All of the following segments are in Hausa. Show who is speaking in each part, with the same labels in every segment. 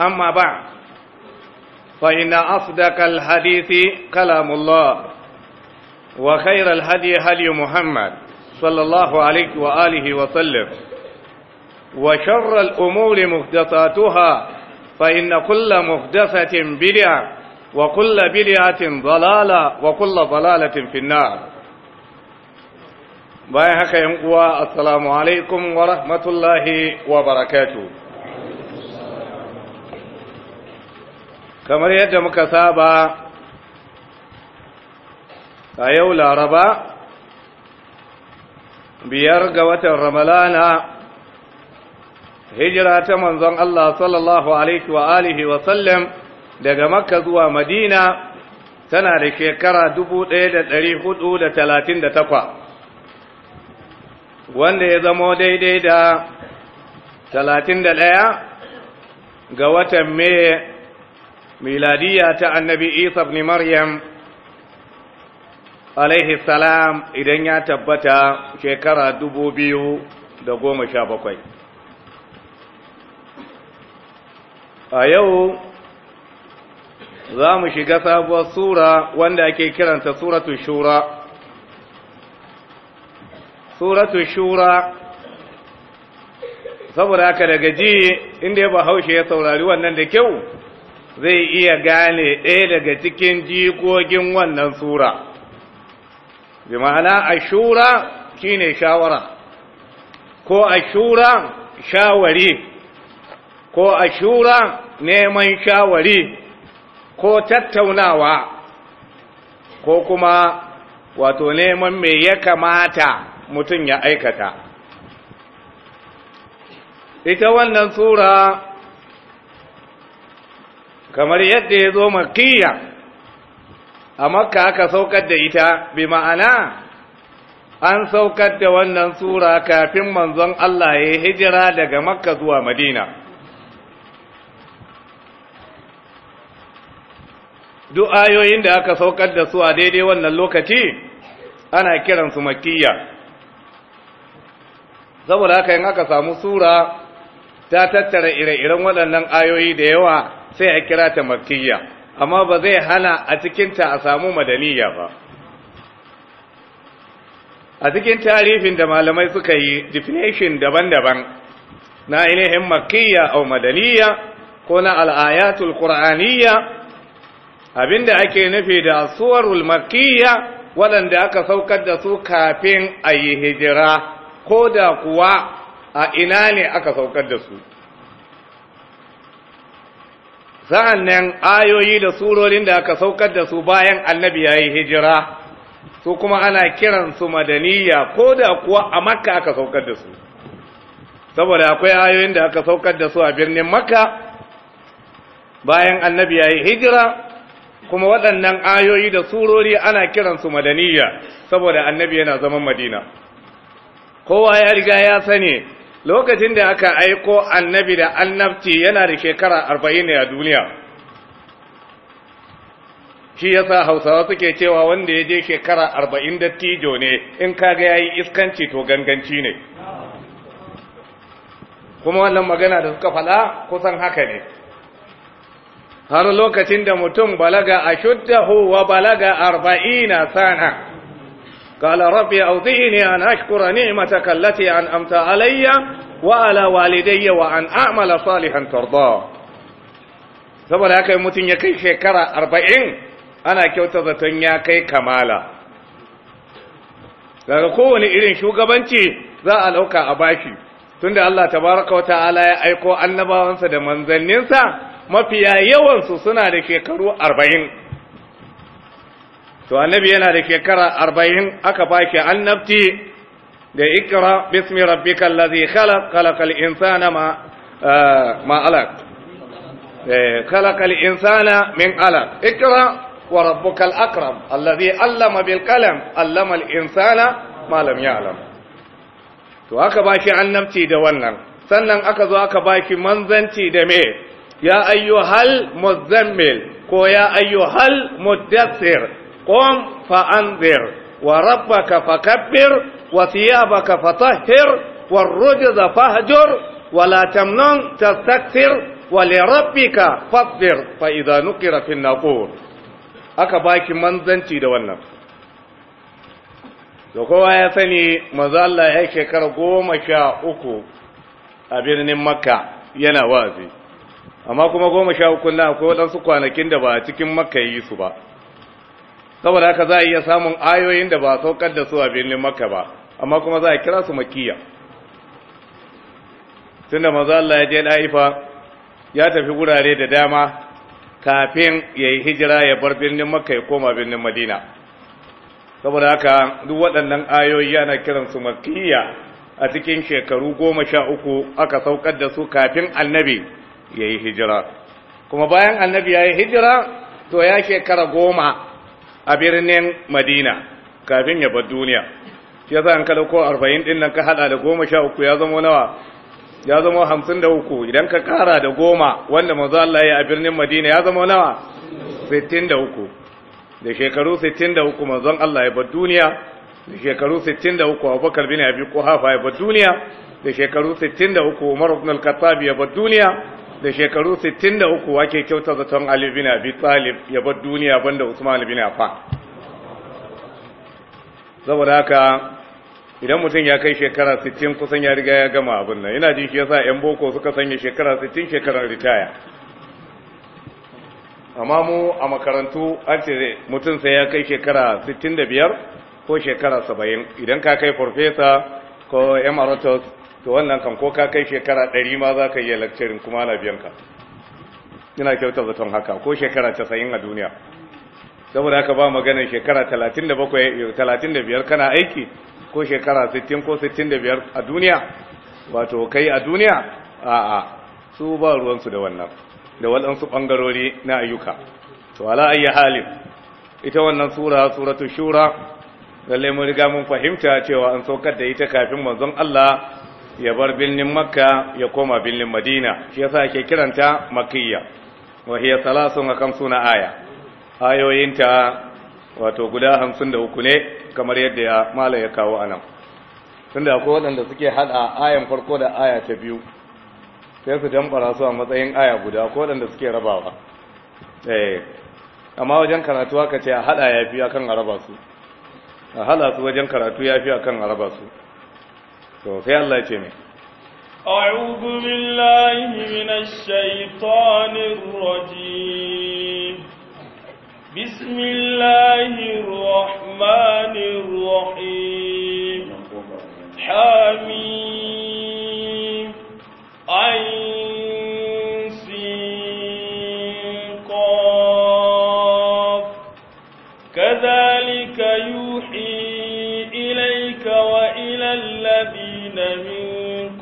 Speaker 1: أما بعد فإن أصدق الحديث كلام الله وخير الهدي هدي محمد صلى الله عليه وآله وسلم وشر الأمور محدثاتها فإن كل محدثة بدعة وكل بدعة ضلالة وكل ضلالة في النار بايحك ينقوى السلام عليكم ورحمة الله وبركاته kamar yadda muka saba a yau laraba biyar ga watan ramalana hijira ta manzon Allah sallallahu alaihi wa alihi wa sallam daga makka zuwa madina tana da shekara 1438 wanda ya zamo daidai da 31 ga watan mai miladiya ta annabi isa ibn maryam alaihi salam idan ya tabbata shekara dubu biyu da goma sha bakwai a yau za mu shiga sabuwar sura wanda ake kiranta suratu shura suratu shura saboda haka daga ji inda ya bahaushe ya saurari wannan da kyau zai iya gane ɗaya daga cikin jikokin wannan sura bi ma'ana ashura shine shawara ko ashura shawari ko ashura neman shawari ko tattaunawa ko kuma wato neman mai ya kamata mutum ya aikata ita wannan sura kamar yadda ya zo makiyya a makka aka saukar da ita bi ma'ana an saukar da wannan sura kafin manzon Allah ya hijira daga makka zuwa madina duk ayoyin da aka saukar da su a daidai wannan lokaci ana kiransu makiyya saboda haka yin aka samu sura ta tattara ire-iren waɗannan ayoyi da yawa sai a kira ta makiyya amma ba zai hana a cikinta a samu madaniya ba a cikin tarifin da malamai suka yi definition daban-daban na ainihin makiyya au madaniya ko na al'ayatul qur'aniyya abinda ake nufi da suwarul makiyya waɗanda aka saukar da su kafin a yi hijira ko da kuwa a ina ne aka saukar da su sa'an nan ayoyi da surorin da aka saukar da su bayan annabi ya yi hijira su kuma ana kiransu madaniya ko da kuwa a makka aka saukar da su saboda akwai ayoyin da aka saukar da su a birnin makka bayan annabi ya yi hijira kuma waɗannan ayoyi da surori ana kiransu madaniya saboda annabi yana zaman madina kowa ya riga ya sani lokacin da aka aiko annabi da annabci yana da shekara arba'in ne a duniya shi ya sa hausawa suke cewa wanda ya je shekara arba'in da tijo ne in kaga ya yi iskanci to ganganci ne kuma wannan magana da suka fada kusan haka ne har lokacin da mutum balaga a shudda wa balaga arba'ina sana قال ربي أوضعني أن أشكر نعمتك التي أنعمت علي وعلى والدي وأن أعمل صالحا ترضاه saboda haka yi mutum ya kai shekara arba'in ana kyauta zaton ya kai kamala daga kowane irin shugabanci za a lauka a bashi tunda Allah tabaraka wa ta'ala ya aiko annabawansa da manzanninsa mafiya yawansu suna da shekaru arba'in to annabi yana da shekara arba'in aka baki annabci da ikra bismi rabbika allazi khalaq khalaqal insana ma eh, ma alaq eh, khalaqal insana min alaq ikra wa rabbukal akram allazi allama bil qalam allama al insana ma lam ya'lam to aka baki annabci da wannan sannan aka zo aka baki manzanci da me ya ayyuhal muzammil ko ya ayyuhal muddathir qom fa anzir wa rabbaka fakabbir wa thiyabaka fatahhir war rujza fahjur wa la tamnun tastakthir wa li rabbika fadhir fa idha nuqira fil naqur aka baki manzanci da wannan to kowa ya sani mazalla ya ke kar goma sha uku a birnin makka yana wazi amma kuma goma sha uku na akwai waɗansu kwanakin da ba cikin makka yi su ba saboda haka za a iya samun ayoyin da ba saukar da su a birnin makka ba amma kuma za a kira su makiya Tunda maza Allah ya je ɗa'ifa ya tafi wurare da dama kafin ya yi hijira ya bar birnin makka ya koma birnin madina saboda haka duk waɗannan ayoyi ana su makiya a cikin shekaru goma sha uku aka saukar da su kafin annabi ya yi hijira kuma bayan annabi ya yi hijira to ya shekara goma a birnin madina kafin ya bar duniya Ya yasa an kala ko 40 din nan ka hada da goma sha uku ya zama nawa ya zama uku idan ka kara da goma wanda manzo Allah ya a birnin madina ya zama nawa 63 da uku. Da shekaru da 63 manzon Allah ya bar duniya da shekaru da uku Abubakar bin Abi Quhafa ya bar duniya da shekaru da uku Umar ibn al-Khattab ya bar duniya da shekaru 63 wake kyauta zaton Ali bin Abi Talib ya bar duniya banda Usman bin Affan saboda haka idan mutum ya kai shekara 60 kusan ya riga ya gama abin nan ina jin shi yasa yan boko suka sanya shekara 60 shekarar ritaya amma mu a makarantu an ce mutum sai ya kai shekara 65 ko shekara 70 idan ka kai farfesa ko emeritus to wannan kan ko ka kai shekara ɗari ma za ka yi lecturing kuma ana biyan ka ina kyauta zaton haka ko shekara casa'in a duniya saboda haka ba maganin shekara talatin da bakwai talatin da biyar kana aiki ko shekara sittin ko sittin da biyar a duniya wato kai a duniya a'a su ba ruwansu da wannan da waɗansu ɓangarori na ayyuka to ala ayyi halin ita wannan sura suratu shura lallai mun riga mun fahimta cewa an saukar da ita kafin manzon Allah ya bar birnin makka ya koma birnin madina shi yasa ake kiranta makiyya wa hiya salasun wa kamsuna aya ayoyinta wato guda hamsin da uku ne kamar yadda ya mala ya kawo anan tunda akwai waɗanda suke haɗa ayan farko da aya ta biyu sai su damfara su a matsayin aya guda ko waɗanda suke rabawa eh amma wajen karatu aka ce a haɗa ya fi akan a raba a haɗa su wajen karatu ya fi akan a raba su to sai Allah ya ce mai
Speaker 2: a'udhu billahi minash shaitanir rajim bismillahir rahmanir من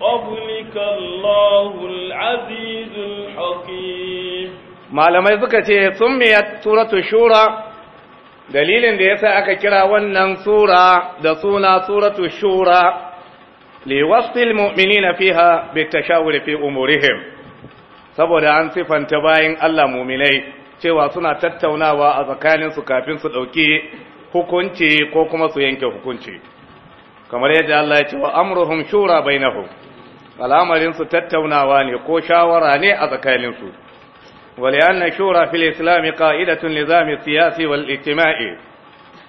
Speaker 2: قبلك
Speaker 1: malamai suka ce sun miya suratu shura dalilin da yasa aka kira wannan sura da suna suratu shura liwasfil mu'minina fiha bitashawur fi umurihim saboda an sifanta bayan Allah mu'minai cewa suna tattaunawa a tsakaninsu kafin su ɗauki hukunci ko kuma su yanke hukunci kamar yadda Allah ya ce wa amruhum shura bainahum al'amarin su tattaunawa ne ko shawara ne a tsakanin su walianna shura fil islam qa'idatun lizami siyasi wal ijtima'i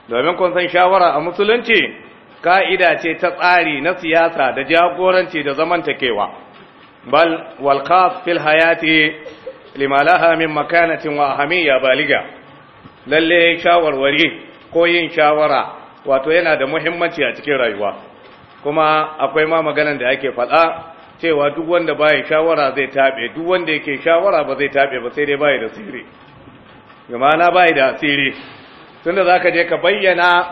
Speaker 1: domin kun san shawara a musulunci ka'ida ce ta tsari na siyasa da jagoranci da zamantakewa bal wal khas fil hayati lima laha min makanatin wa ahamiyya baliga lalle shawarwari ko yin shawara wato yana da muhimmanci a cikin rayuwa kuma akwai ma maganan da ake faɗa cewa duk wanda baya shawara zai taɓe duk wanda yake shawara ba zai taɓe ba sai dai baya da sirri gama na baya da sirri tunda za je ka bayyana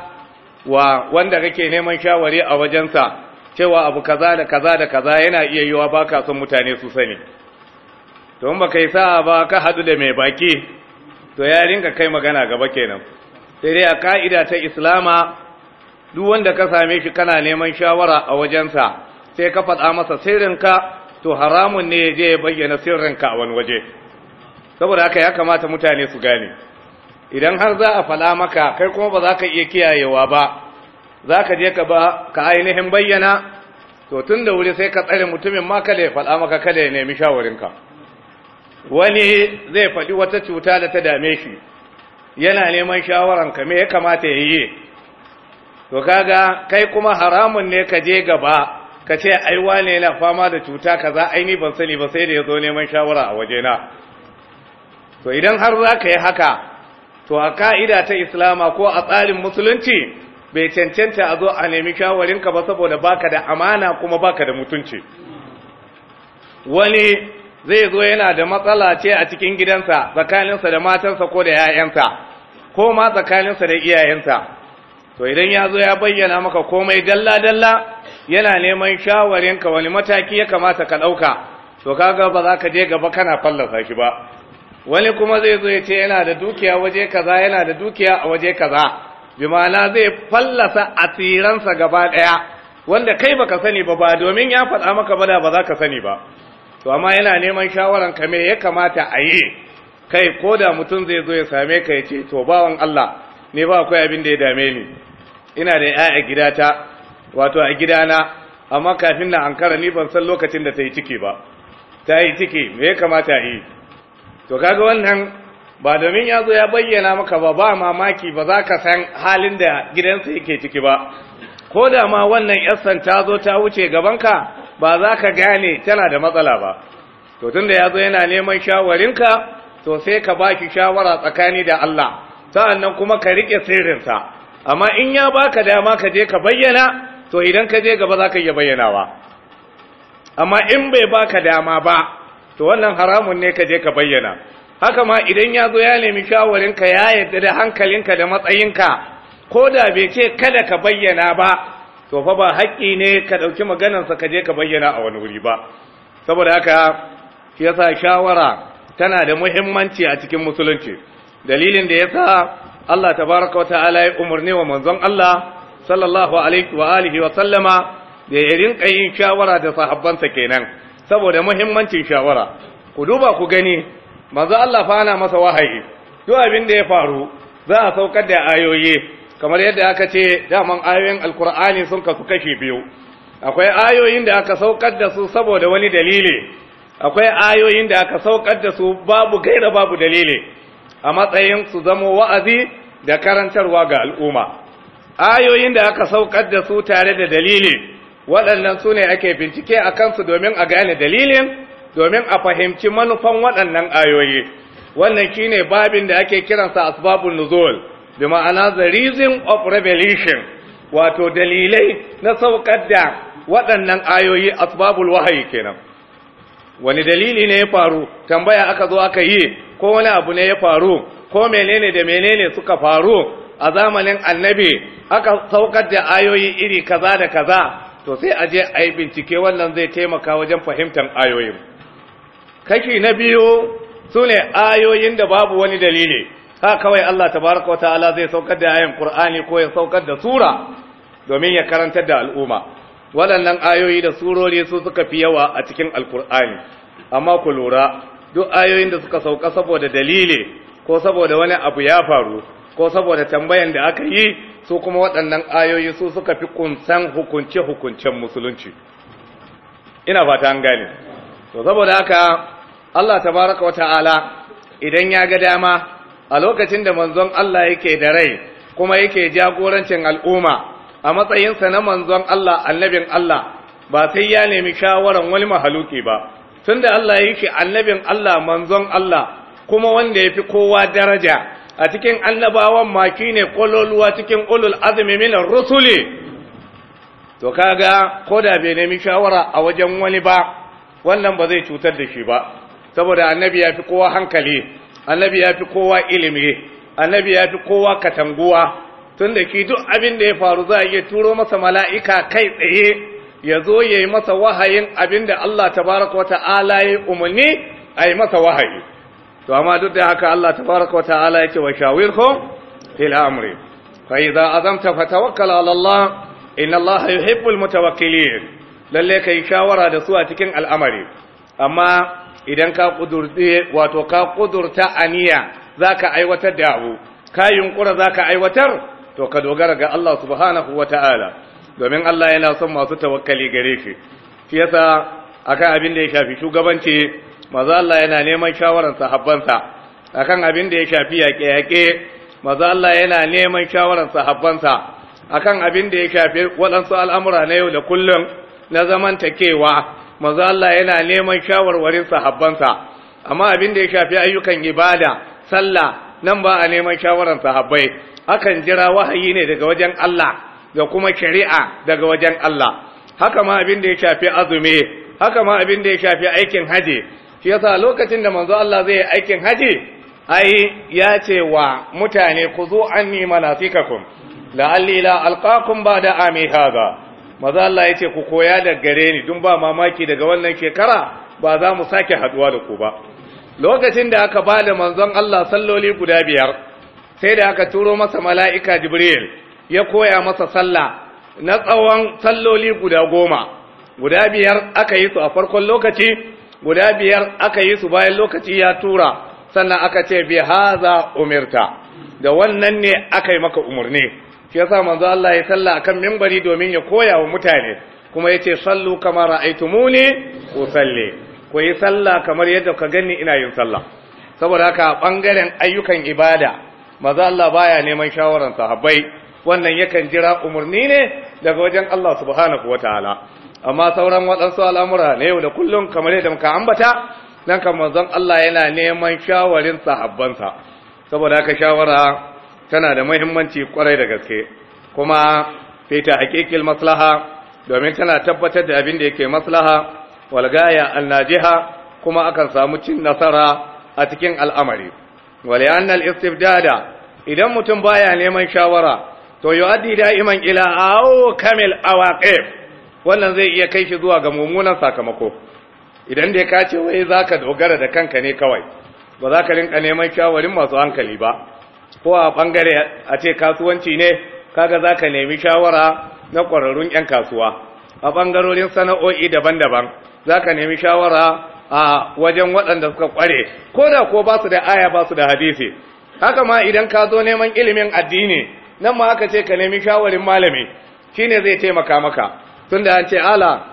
Speaker 1: wa wanda kake neman shawari a wajensa cewa abu kaza da kaza da kaza yana iya yiwa ba ka son mutane su sani to in ba kai sa'a ba ka haɗu da mai baki to ya ringa kai magana gaba kenan sai dai a ka'ida ta islama duk wanda ka same shi kana neman shawara a wajensa sai ka faɗa masa sirrinka to haramun ne ya je ya bayyana sirrinka a wani waje saboda haka ya kamata mutane su gane idan har za a faɗa maka kai kuma ba za ka iya kiyayewa ba za ka je ka ainihin bayyana to tun da wuri sai ka tsare mutumin ma kada ya faɗa maka kada ya nemi shawarinka wani zai faɗi wata cuta da ta dame shi yana neman shawaranka me ya kamata ya yi to kaga kai kuma haramun ne ka je gaba ka ce ai wane yana fama da cuta kaza ai ni ban sani ba sai da yazo neman shawara a wajena to idan har za ka yi haka to a ka'ida ta islama ko a tsarin musulunci bai cancanta a zo a nemi ka ba saboda baka da amana kuma baka da mutunci wani zai zo yana da matsala ce a cikin gidansa tsakaninsa da matansa ko da 'ya'yansa ko ma tsakaninsa da iyayensa to idan ya zo ya bayyana maka komai dalla-dalla yana neman shawarinka wani mataki ya kamata ka ɗauka to kaga ba za ka je gaba kana fallasa shi ba wani kuma zai zo ya ce yana da dukiya waje kaza yana da dukiya a waje kaza bi ma'ana zai fallasa asiransa gaba ɗaya wanda kai baka sani ba ba domin ya faɗa maka ba da ba za ka sani ba to amma yana neman shawararka me ya kamata a yi kai ko da mutum zai zo ya same ka ya ce to bawan Allah ne ba akwai abin da ya dame ni ina da yaya gidata wato a na, amma kafin na ankara ni ban san lokacin da ta yi ciki ba ta yi ciki me ya kamata yi to kaga wannan ba domin ya zo ya bayyana maka ba ba mamaki ba za ka san halin da gidansa yake ciki ba ko da ma wannan yassan ta zo ta wuce gaban ka, ba za ka gane tana da matsala ba to tunda ya zo yana neman shawarinka to sai ka ba shi shawara tsakani da Allah sa'annan kuma ka riƙe sirrinsa amma in ya baka dama ka je ka bayyana to idan ka je gaba za ka iya bayyanawa amma in bai baka dama ba to wannan haramun ne ka je ka bayyana haka ma idan ya zo ya nemi shawarinka ya yadda da hankalinka da matsayinka ko da bai ce kada ka bayyana ba to fa ba haƙƙi ne ka ɗauki maganarsa ka je ka bayyana a wani wuri ba saboda haka shi yasa shawara tana da muhimmanci a cikin musulunci dalilin da yasa Allah tabaraka wa ta'ala ya umarni wa manzon Allah sallallahu alaihi wa alihi wa sallama da ya rinka yin shawara da sahabbansa kenan saboda muhimmancin shawara ku duba ku gani manzo Allah fa ana masa wahayi duk abin da ya faru za a saukar da ayoyi kamar yadda aka ce daman ayoyin alkur'ani sun kasu kashi biyu akwai ayoyin da aka saukar da su saboda wani dalili akwai ayoyin da aka saukar da su babu gaira babu dalili a matsayin su zama wa'azi da karantarwa ga al'umma ayoyin da aka saukar da su tare da dalili waɗannan su ne ake bincike a kansu domin a gane dalilin domin a fahimci manufan waɗannan ayoyi wannan shi ne babin da ake kiransa asbabun nuzul da ma'ana the reason of revelation wato dalilai na saukar da waɗannan ayoyi asbabul wahayi kenan wani dalili ne ya faru tambaya aka zo aka yi ko wani abu ne ya faru ko menene da menene suka faru a zamanin annabi aka saukar da ayoyi iri kaza da kaza to sai a je a yi bincike wannan zai taimaka wajen fahimtar ayoyin kashi na biyu sune ayoyin da babu wani dalili ha kawai Allah tabaraka wa ta'ala zai saukar da ayan Qur'ani ko ya saukar da sura domin ya karantar da al'umma waɗannan ayoyi da surori su suka fi yawa a cikin alkur'ani amma ku lura duk ayoyin da suka sauka saboda dalili ko saboda wani abu ya faru ko saboda tambayan da aka yi su kuma waɗannan ayoyi su suka fi kunsan hukunce-hukuncen musulunci ina fata an gane to saboda haka Allah tabaraka wata'ala idan ya ga dama a lokacin da manzon Allah yake da rai kuma yake jagorancin al'umma a matsayinsa na manzon Allah annabin Allah ba sai ya nemi shawaran wani mahaluki ba tunda Allah ya yake annabin Allah manzon Allah kuma wanda ya fi kowa daraja a cikin annabawan maki ne kololuwa cikin ulul azumi min rusuli to kaga da bai nemi shawara a wajen wani ba wannan ba zai cutar da shi ba saboda annabi ya fi kowa hankali annabi ya fi kowa ilimi annabi ya fi kowa katanguwa tunda ki duk abin da ya faru za a iya turo masa mala'ika kai tsaye ya zo ya yi masa wahayin abin da Allah tabaraka wata'ala ya umarni a yi masa wahayi to amma duk da haka Allah tabaraka wata'ala ya ce wa shawirhum fil amri fa idza azamta fatawakkal ala Allah inna Allah yuhibbul mutawakkilin lalle kai shawara da su a cikin al'amari amma idan ka kudurce wato ka kudurta aniya zaka aiwatar da abu ka yunkura zaka aiwatar to ka dogara ga Allah subhanahu wataala domin Allah yana son masu tawakkali gare shi shi yasa akan abin da ya shafi shugabanci maza Allah yana neman shawaran sahabbansa akan abin da ya shafi yaƙe-yaƙe maza Allah yana neman shawaran sahabbansa akan abin da ya shafi waɗansu al'amura na yau da kullum na zaman takewa, maza Allah yana neman shawarwarin sahabbansa amma abin da ya shafi ayyukan ibada sallah nan ba a neman shawaran sahabbai akan jira wahayi ne daga wajen Allah da kuma shari'a daga wajen Allah haka ma abin da ya shafi azumi haka ma abin da ya shafi aikin haji shi yasa lokacin da manzo Allah zai aikin haji ai ya ce wa mutane ku zo anni manasikakum la'alli la alqakum ba'da ami hadha maza Allah yace ku koya da gare ni dun ba mamaki daga wannan shekara ba za mu sake haduwa da ku ba lokacin da aka bada manzon Allah salloli guda biyar sai da aka turo masa mala'ika Jibril ya koya masa sallah na tsawon salloli guda goma guda biyar aka yi su a farkon lokaci guda biyar aka yi su bayan lokaci ya tura sannan aka ce bi haza umirta da wannan ne aka yi maka umarni shi yasa manzo Allah ya salla akan minbari domin ya koya wa mutane kuma yace sallu kama ra'aytumuni usalli ku yi salla kamar yadda ka gani ina yin salla saboda haka bangaren ayyukan ibada maza Allah baya neman shawarar sahabbai wannan yakan jira umarni ne daga wajen Allah subhanahu wataala amma sauran waɗansu al'amura na yau da kullum kamar yadda muka ambata nan kan manzon Allah yana neman shawarin sahabbansa saboda haka shawara tana da muhimmanci kwarai da gaske kuma fita hakikil maslaha domin tana tabbatar da abin da yake maslaha walgaya annajiha kuma akan samu cin nasara a cikin al'amari waliyan al-istibdada idan mutum baya neman shawara to yu'addi da'iman ila aw kamil awaqib wannan zai iya kai shi zuwa ga mummunan sakamako idan da ka ce wai za ka dogara da kanka ne kawai ba za ka rinka neman shawarin masu hankali ba ko a bangare a ce kasuwanci ne kaga za ka nemi shawara na ƙwararrun 'yan kasuwa a bangarorin sana'o'i daban-daban za ka nemi shawara a wajen waɗanda suka ƙware ko da ko ba su da aya ba su da hadisi haka ma idan ka zo neman ilimin addini nan ma aka ce ka nemi shawarin malami shine zai taimaka maka tunda an ce ala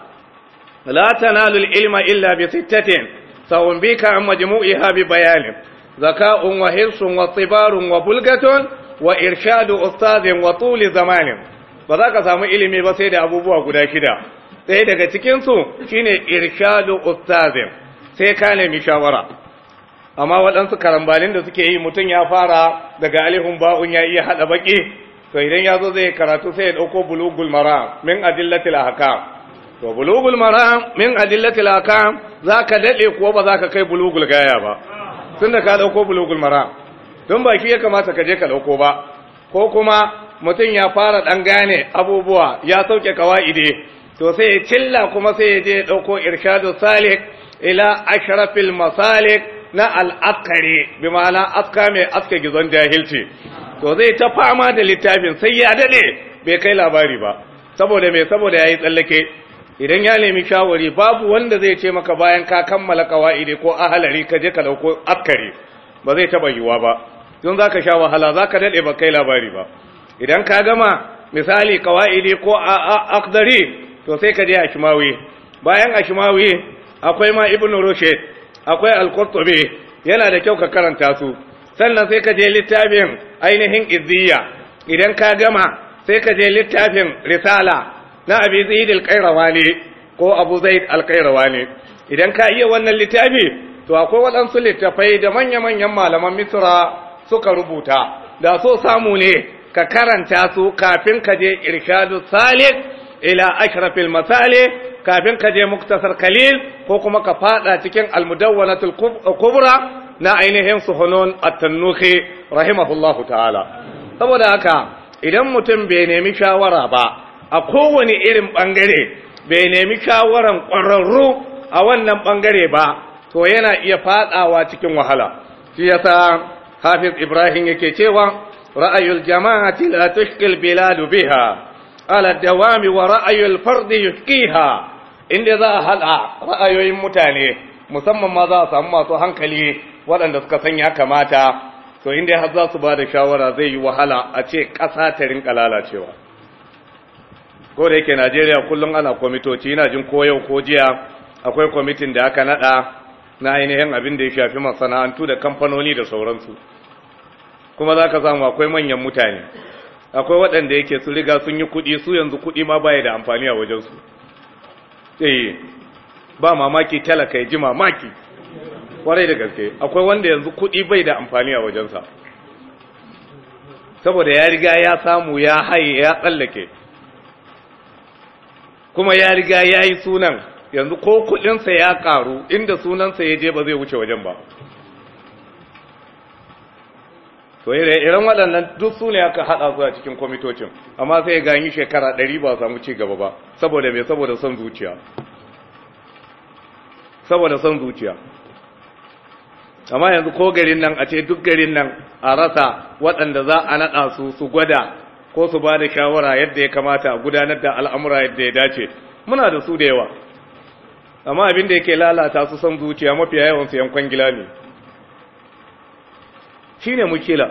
Speaker 1: la tanalu ilma illa bi sittatin sawun bika an ha bi bayanin zaka'un wa hirsun wa tibarun wa bulgatun wa irshadu ustazin wa tuli zamanin ba za ka samu ilimi ba sai da abubuwa guda shida ɗaya daga cikinsu shine irshadu ustazin sai ka nemi shawara amma waɗansu karambalin da suke yi mutum ya fara daga alihun ba'un ya iya haɗa baƙi to idan ya zo zai karatu sai ya ɗauko bulugul mara min adillatil ahkam to bulugul mara min adillatil ahkam ka daɗe kuwa ba za ka kai bulugul gaya ba da ka ɗauko bulugul mara don baki ya kamata ka je ka ɗauko ba ko kuma mutum ya fara ɗan gane abubuwa ya sauke kawa'ide to sai ya cilla kuma sai ya je ɗauko irshadu salik ila ashrafil masalik na al'akare bi ma'ana aska mai aska gizon jahilci to zai ta fama da littafin sai ya dade bai kai labari ba saboda mai saboda ya yi tsallake idan ya nemi shawari babu wanda zai ce maka bayan ka kammala kawa'ide ko ahalari ka je ka dauko askare ba zai taba yiwa ba don za ka sha wahala za ka daɗe ba kai labari ba idan ka gama misali kawa'ide ko akdari to sai ka je a bayan a akwai ma ibnu rushe akwai al yana da kyau ka karanta su sannan sai ka je littafin ainihin izziya idan ka gama sai ka je littafin risala na abi zaid al-qayrawani ko abu zaid al-qayrawani idan ka iya wannan littafi to akwai waɗansu littafai da manya-manyan malaman misra suka rubuta da so samu ne ka karanta su kafin ka je irshadu salik ila ashrafil masalih kafin ka je muktasar kalil ko kuma ka fada cikin almudawwanatul kubra na ainihin suhunun at-tannuhi rahimahullahu ta'ala saboda haka idan mutum bai nemi shawara ba a kowane irin bangare bai nemi shawaran ƙwararru a wannan bangare ba to yana iya fadawa cikin wahala shi yasa hafiz ibrahim yake cewa ra'ayul jama'ati la tushkil Biladu biha ala dawami wa ra'ayul fard yushkiha inda za a hada ra'ayoyin mutane musamman ma za a samu masu hankali waɗanda suka san ya kamata to inda har za su ba da shawara zai yi wahala a ce ƙasa ta rinka lalacewa ko da yake najeriya kullum ana kwamitoci ina jin ko yau ko jiya akwai kwamitin da aka naɗa na ainihin abin da ya shafi masana'antu da kamfanoni da sauransu kuma za ka samu akwai manyan mutane akwai waɗanda yake su riga sun yi kuɗi su yanzu kuɗi ma baya da amfani a wajensu eh ba mamaki talaka ya ji mamaki kwarai da gaske akwai wanda yanzu kuɗi bai da amfani a wajensa saboda ya riga ya samu ya haye ya tsallake kuma ya riga ya yi sunan yanzu ko kuɗinsa ya ƙaru inda sunansa ya je ba zai wuce wajen ba to ire irin waɗannan duk su ne aka haɗa su a cikin kwamitocin amma sai ganyi shekara ɗari ba samu ci gaba ba saboda mai saboda son zuciya saboda son zuciya amma yanzu ko garin nan a ce duk garin nan a rasa waɗanda za a naɗa su su gwada ko su ba da shawara yadda ya kamata a gudanar da al'amura yadda ya dace muna da su da yawa amma abin da yake lalata su son zuciya mafiya yawansu su yankon gila ne shine mukila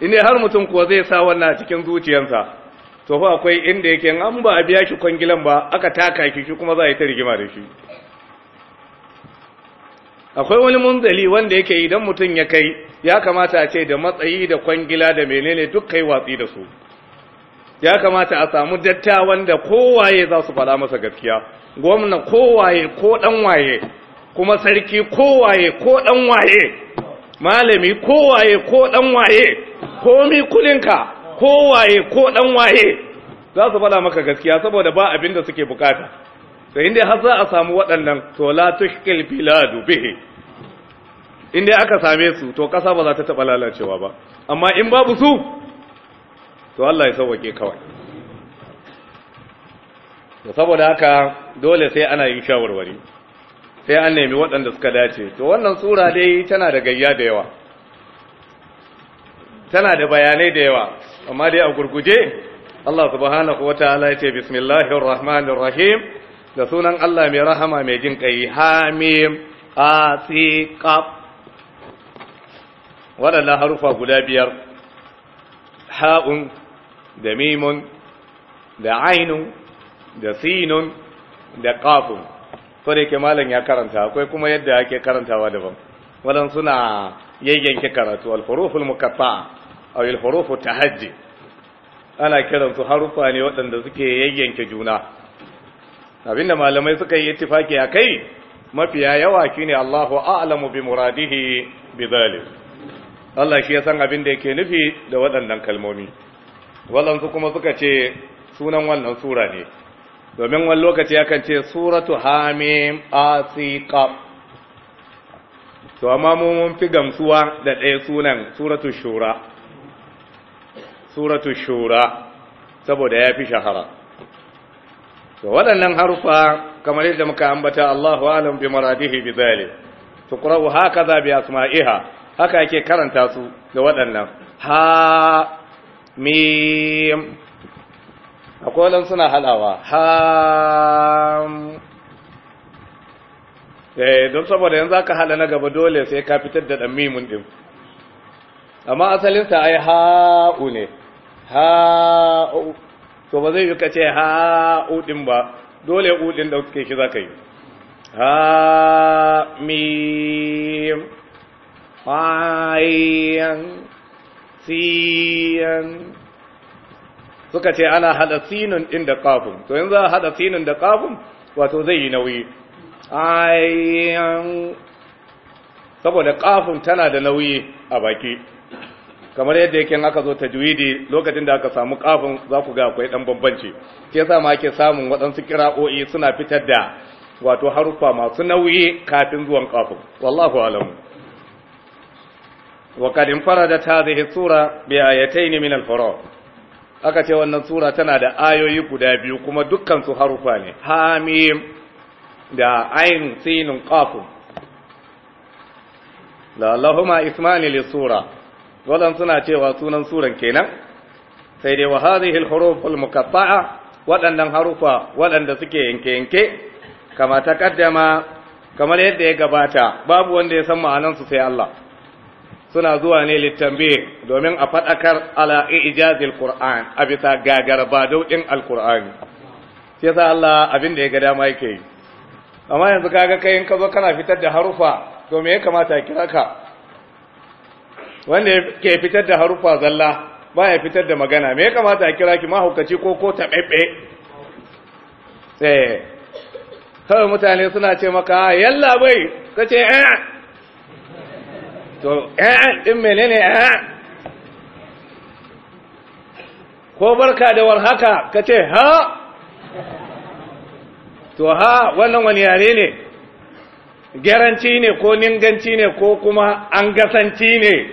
Speaker 1: ine har mutum kuwa zai sa wannan cikin zuciyarsa to fa akwai inda yake an ba a biya shi kwangilan ba aka taka ki kuma za a yi ta rigima da shi akwai wani munzali wanda yake idan mutum ya kai ya kamata a ce da matsayi da kwangila da menene duk kai watsi da su ya kamata a samu dattawan da kowaye za su fara masa gaskiya gwamna kowaye ko dan waye kuma sarki kowaye ko ɗan waye malami kowaye ko ɗan waye komi kulinka kowaye ko ɗan waye za su faɗa maka gaskiya saboda ba abin da suke bukata sai inda har za a samu waɗannan to la tushkil biladu bihi inda aka same su to ƙasa ba za ta taɓa lalacewa ba amma in babu su to Allah ya sauwake kawai saboda haka dole sai ana yin shawarwari sai an nemi waɗanda suka dace to wannan tsura dai tana da gayya da yawa tana da bayanai da yawa amma dai a gurguje Allah subhanahu ya yace bismillahir rahmanir rahim da sunan Allah mai rahama mai jin kai hamim qaf wadannan harufa guda biyar ha'un da mimun da ainun da sinun da qafun ko da yake malam ya karanta akwai kuma yadda ake karantawa daban wadan suna yayyanke karatu al-huruful muqatta aw al-hurufu tahajji ana kiran su harufa ne waɗanda suke yayyanke juna abinda malamai suka yi ittifaki akai mafiya yawa shine Allahu a'lamu bi muradihi bi zalim Allah shi ya san abin da yake nufi da waɗannan kalmomi waɗansu kuma suka ce sunan wannan sura ne domin wani lokaci ya kan ce suratu hamim asiqa to amma mu mun fi gamsuwa da ɗaya sunan suratu shura suratu shura saboda ya fi shahara to waɗannan harufa kamar yadda muka ambata Allahu alam bi maradihi bi zalim tuqra'u hakaza bi asma'iha haka yake karanta su da waɗannan ha mim akwai suna halawa ha eh don saboda yanzu aka hala na gaba dole sai ka fitar da dan mimun din amma asalin sa ai ha'u ne ha'u to ba zai yi kace ha'u din ba dole u din da kake shi zaka yi ha mi ayan siyan suka ce ana hada sinun din da kafin to yanzu za hada sinun da kafin wato zai yi nauyi ayyan saboda kafin tana da nauyi a baki kamar yadda yake aka zo tajwidi lokacin da aka samu kafin za ku ga akwai dan bambanci ke yasa ma ake samun waɗansu kira'o'i suna fitar da wato harufa masu nauyi kafin zuwan kafin wallahu alamu وقد انفردت هذه الصورة بآيتين من الفروع aka ce wannan sura tana da ayoyi guda biyu kuma dukkan su harufa ne hamim da ain sinin qafun la lahuma ismani li sura wadan suna cewa sunan suran kenan sai dai wa hadhihi al-huruf waɗannan harufa waɗanda suke yanke-yanke kama kaddama. kamar yadda ya gabata babu wanda ya san ma'anansu sai Allah suna zuwa ne littambe domin a faɗakar ala ijazil a bisa gagar ba daudin alqur'ani sai sa Allah abin da ya ga dama yake yi amma yanzu kaga kai in ka zo kana fitar da harufa to me ya kamata ya kira ka wanda ke fitar da harufa zalla ba ya fitar da magana me ya kamata ya kira ki mahaukaci ko ko taɓeɓe eh kawai mutane suna ce maka yalla bai kace eh to ɗin eh, din menene eh ko barka da warhaka kace ha to ha wannan wani yare ne garanti ne ko ninganci ne ko kuma an ne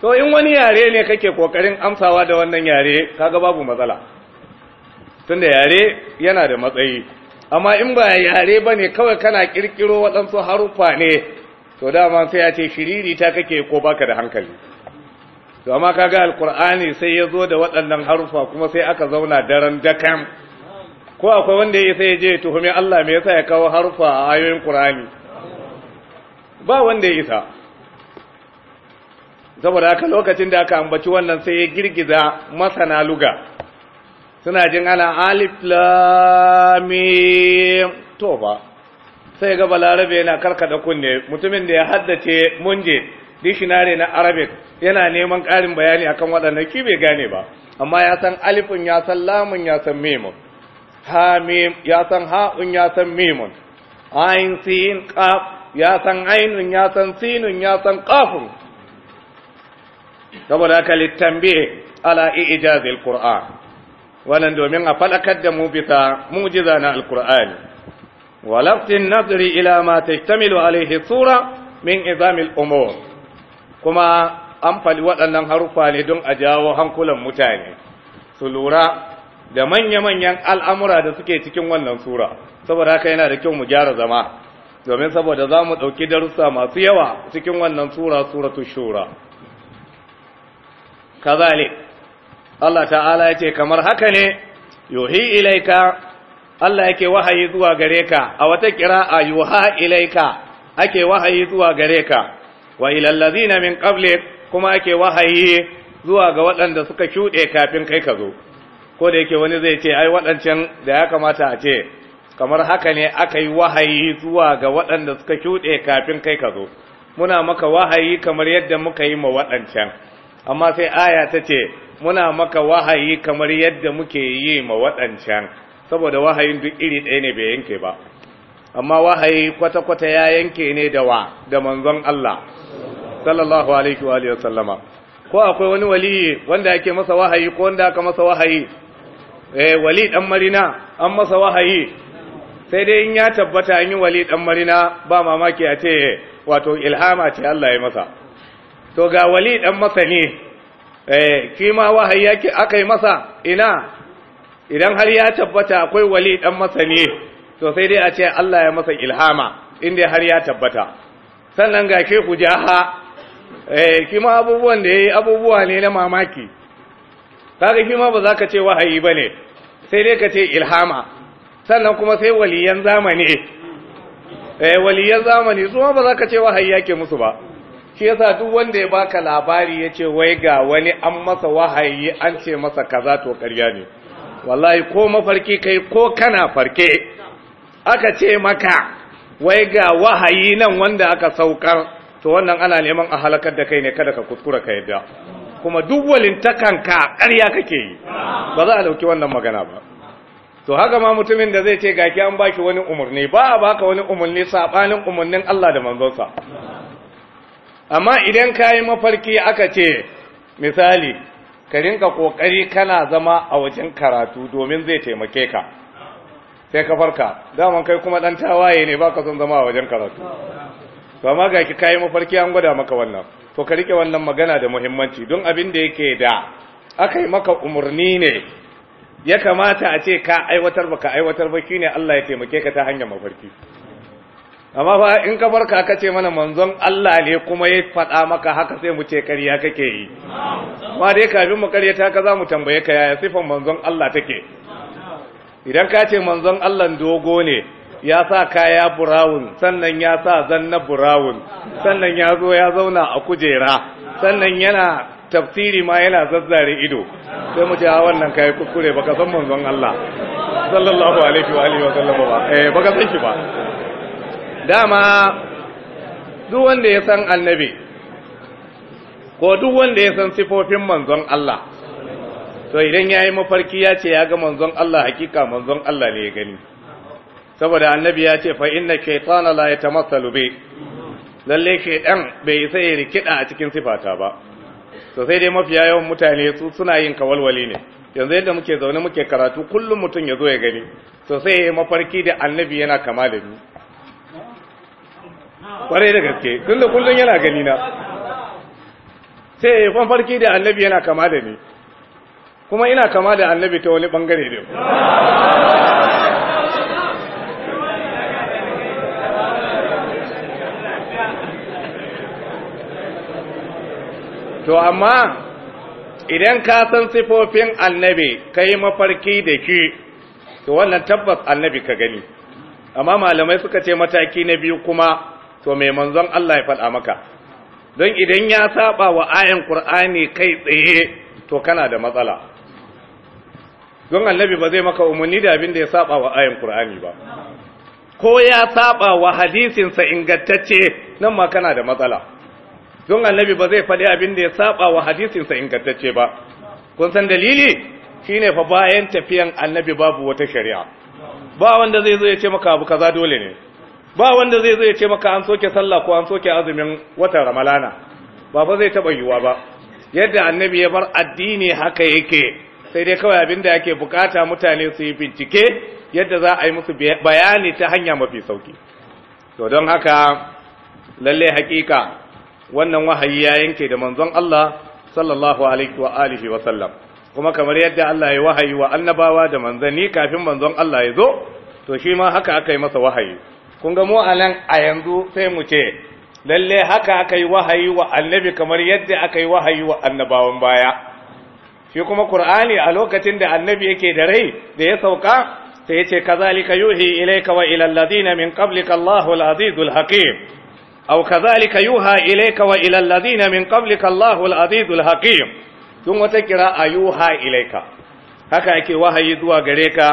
Speaker 1: to in wani yare ne kake kokarin amsawa da wannan yare kaga babu matsala tunda yare yana da matsayi amma in ba yare bane kawai kana kirkiro waɗansu harufa ne to dama sai ya ce shiriri ta kake ko baka da hankali to amma kaga alqur'ani sai ya zo da waɗannan harufa kuma sai aka zauna daren dakan ko akwai wanda ya sai ya je tuhumi Allah me yasa ya kawo harufa a ayoyin qur'ani ba wanda ya isa saboda haka lokacin da aka ambaci wannan sai ya girgiza masana luga suna jin ana alif lam to ba sai ga balarabe yana karkada kunne mutumin da ya haddace munje dictionary na arabic yana neman ƙarin bayani akan waɗannan ki bai gane ba amma ya san alifin ya san lamun ya san mimun ha mim ya san ha'un ya san mimun ain sin qaf ya san ainun ya san sinun ya san qafun saboda haka litambi ala ijazil qur'an wannan domin a falakar da mu bisa mu'jiza na alqur'ani ولفت النظر إلى ما تشتمل عليه الصورة من إظام الأمور كما أنفل وأن حرفا لدن أجاو هنكل متاني سلورا da manya-manyan al'amura da suke cikin wannan sura saboda haka yana da kyau mu gyara zama domin saboda za mu ɗauki darussa masu yawa cikin wannan sura suratu shura kazalik Allah ta'ala ya ce kamar haka ne yuhi ilaika Allah yake wahayi zuwa gare ka a wata kira'a yuha ilaika ake wahayi zuwa gare ka wa ilal ladina min qabli kuma ake wahayi zuwa ga waɗanda suka shuɗe kafin kai ka zo ko da yake wani zai ce ai waɗancan da ya kamata a ce kamar haka ne aka yi wahayi zuwa ga waɗanda suka shuɗe kafin kai ka zo muna maka wahayi kamar yadda muka yi ma waɗancan amma sai aya ta ce muna maka wahayi kamar yadda muke yi ma waɗancan saboda wahayin duk iri ɗaya ne bai yanke ba amma wahayi kwata-kwata ya yanke ne da wa da manzon Allah sallallahu alaihi wa sallama ko akwai wani waliyi wanda yake masa wahayi ko wanda aka masa wahayi eh wali dan marina an masa wahayi sai dai in ya tabbata an yi wali dan marina ba mamaki a ce wato ilhama ce Allah ya masa to ga wali dan masa ne eh kima wahayi yake aka yi masa ina idan har ya tabbata akwai wali dan masani to sai dai a ce Allah ya masa ilhama inda har ya tabbata sannan ga ke hujaha, eh kima abubuwan da yayi abubuwa ne na mamaki kaga kima ba za ka ce wahayi bane sai dai ka ce ilhama sannan kuma sai waliyan zamani eh waliyan zamani su ba za ka ce wahayi yake musu ba shi yasa duk wanda ya baka labari yace wai ga wani an masa wahayi an ce masa kaza to ƙarya ne wallahi ko mafarki kai ko kana farke aka ce maka wai ga wahayi nan wanda aka saukar to wannan ana neman a halakar da kai ne kada ka kuskura ka yadda kuma duk walintakanka ƙarya kake yi ba za a ɗauki wannan magana ba to haka ma mutumin da zai ce gaki an baki wani umarni ba a baka wani umarni saɓanin umarnin Allah da manzonsa amma idan kayi mafarki aka ce misali ka rinka kokari kana zama a wajen karatu domin zai taimake ka sai ka farka daman kai kuma dan tawaye ne baka son zama a wajen karatu to amma ga ki kai mafarki an gwada maka wannan to ka rike wannan magana da muhimmanci don abin da yake da aka maka umurni ne ya kamata a ce ka aiwatar baka aiwatar ba shine Allah ya taimake ka ta hanyar mafarki amma fa in ka barka ka ce mana manzon Allah ne kuma ya faɗa maka haka sai mu ce ƙarya kake yi ba dai kafin mu karyata ka za mu tambaye ka yaya sifan manzon Allah take idan ka ce manzon Allah dogo ne ya sa kaya burawun sannan ya sa zanna burawun sannan ya zo ya zauna a kujera sannan yana tafsiri ma yana zazzare ido sai mu ce a ah, wannan kai kuskure baka san manzon Allah sallallahu alaihi wa alihi wa sallam ba eh baka san shi ba dama duk wanda ya san annabi ko duk wanda ya san sifofin manzon Allah to idan ya yi mafarki ya ce ya ga manzon Allah hakika manzon Allah ne ya gani saboda annabi ya ce fa inna shaytana la yatamassalu bi lalle dan bai sai ya rikida a cikin sifata ba to sai dai mafiya yawan mutane su suna yin kawalwali ne yanzu yadda muke zaune muke karatu kullum mutum ya zo ya gani to sai ya yi mafarki da annabi yana kama da ni
Speaker 2: kwarai da gaske tun da kullum yana gani na
Speaker 1: sai ya farki da annabi yana kama da ni kuma ina kama da annabi ta wani bangare ne to amma idan ka san sifofin annabi ka yi mafarki da ke to wannan tabbas annabi ka gani amma malamai suka ce mataki na biyu kuma to mai manzon Allah ya faɗa maka don idan ya saba wa ayan Qur'ani kai tsaye to kana da matsala don annabi ba zai maka umarni da abin da ya saba wa ayan Qur'ani ba ko ya saba wa hadisinsa ingantacce nan ma kana da matsala don annabi ba zai faɗi abin da ya saba wa hadisinsa ingantacce ba kun san dalili shine fa bayan tafiyan annabi babu wata shari'a ba wanda zai zo ya ce maka abu kaza dole ne ba wanda zai zo ya ce maka an soke sallah ko an soke azumin watan ramalana ba fa zai taba yiwa ba yadda annabi ya bar addini haka yake sai dai kawai abinda yake bukata mutane su yi bincike yadda za a yi musu bayani ta hanya mafi sauki to don haka lalle hakika wannan wahayi ya yanke da manzon Allah sallallahu alaihi wa alihi wa sallam kuma kamar yadda Allah ya wahayi wa annabawa da manzanni kafin manzon Allah ya zo to shi ma haka aka yi masa wahayi kun ga mu anan a yanzu sai mu ce lalle haka aka yi wahayi wa annabi kamar yadda aka yi wahayi wa annabawan baya shi kuma qur'ani a lokacin da annabi yake da rai da ya sauka sai ya ce kazalika yuhi ilayka wa ila min qablika Allahu al-azizul hakim aw kazalika yuha ilayka wa ila alladhina min qablika Allahu al-azizul hakim tun wata kira ayuha ilayka haka ake wahayi zuwa gare ka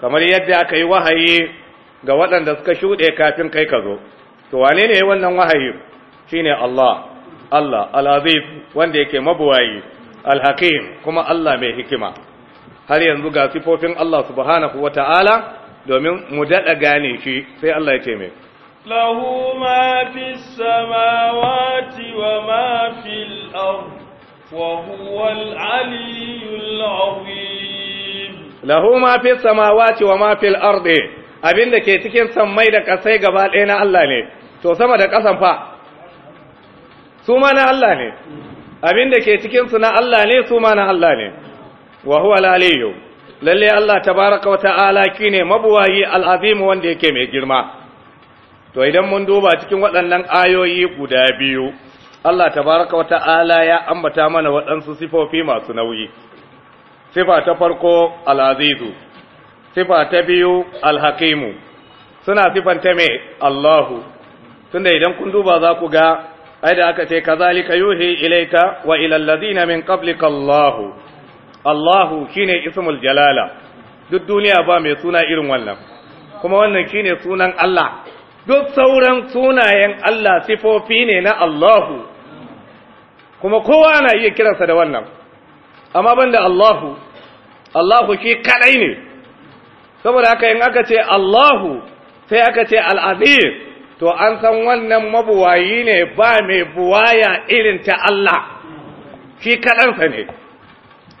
Speaker 1: kamar yadda aka yi wahayi ga waɗanda suka shuɗe kafin kai ka zo to wane ne wannan wahayi shine Allah Allah al wanda yake mabuwayi al kuma Allah mai hikima har yanzu ga sifofin Allah subhanahu ta'ala domin mu daɗa gane shi sai Allah ya ce mai
Speaker 2: lahu ma fis samawati wa ma fil ard wa huwa
Speaker 1: lahu ma samawati wa ma abin da ke cikin sammai da ƙasai gaba ɗaya na Allah ne to sama da ƙasan fa su ma na Allah ne abin da ke cikinsu na Allah ne su ma na Allah ne wa huwa aliyu lalle Allah tabaraka wa ta'ala kine mabuwayi al'azimu wanda yake mai girma to idan mun duba cikin waɗannan ayoyi guda biyu Allah tabaraka wata ta'ala ya ambata mana waɗansu sifofi masu nauyi sifa ta farko al'azizu sifa ta biyu alhakimu suna sifanta mai Allahu tunda idan kun duba za ku ga ai da aka ce kazalika yuhi ilaika wa ila alladhina min qablika Allahu Allahu shine ismul jalala duk duniya ba mai suna irin wannan kuma wannan shine sunan Allah duk sauran sunayen Allah sifofi ne na Allahu kuma kowa na iya kiransa da wannan amma banda Allahu Allahu shi kadai ne saboda haka in aka ce Allahu sai aka ce al’adir to an san wannan mabuwayi ne ba mai buwaya irin ta Allah shi kaɗansa ne